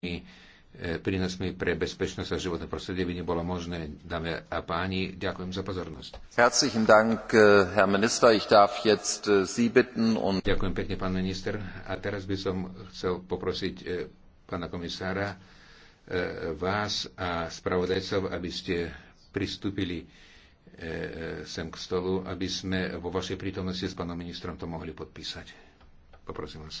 E, prínosmi pre bezpečnosť a životné prostredie by nebolo možné. Dáme a páni, ďakujem za pozornosť. Herzlichen Dank, e, Herr Minister. Ich darf jetzt e, Sie bitten und... Ďakujem pekne, pán minister. A teraz by som chcel poprosiť pána komisára, vás a spravodajcov, aby ste pristúpili sem k stolu, aby sme vo vašej prítomnosti s pánom ministrom to mohli podpísať. Poprosím vás.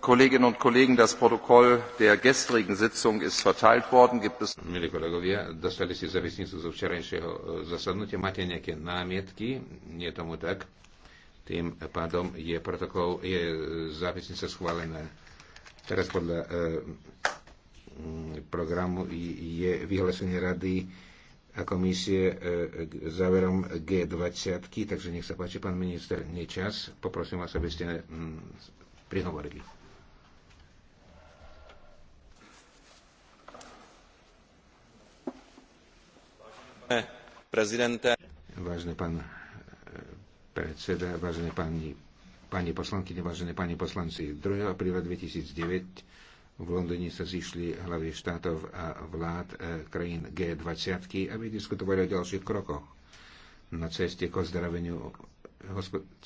Kolleginnen und Kollegen, das Protokoll der gestrigen Sitzung ist verteilt worden. Gibt es... Milí kolegovia, dostali ste zapisnicu zo včerajšieho e, zasadnutia. Máte nejaké námietky? Nie tomu tak. Tým pádom je protokol, je e, zápisnica schválená. Teraz podľa eh, programu je vyhlásenie rady a komisie e, k záverom G20, takže nech sa páči, pán minister, nečas. Poprosím vás, aby ste prihovorili. Prezidente. Vážený pán eh, predseda, vážené pani, pani poslanky, vážené pani poslanci, 2. apríla 2009 v Londýne sa zišli hlavy štátov a vlád eh, krajín G20, aby diskutovali o ďalších krokoch na ceste k ozdraveniu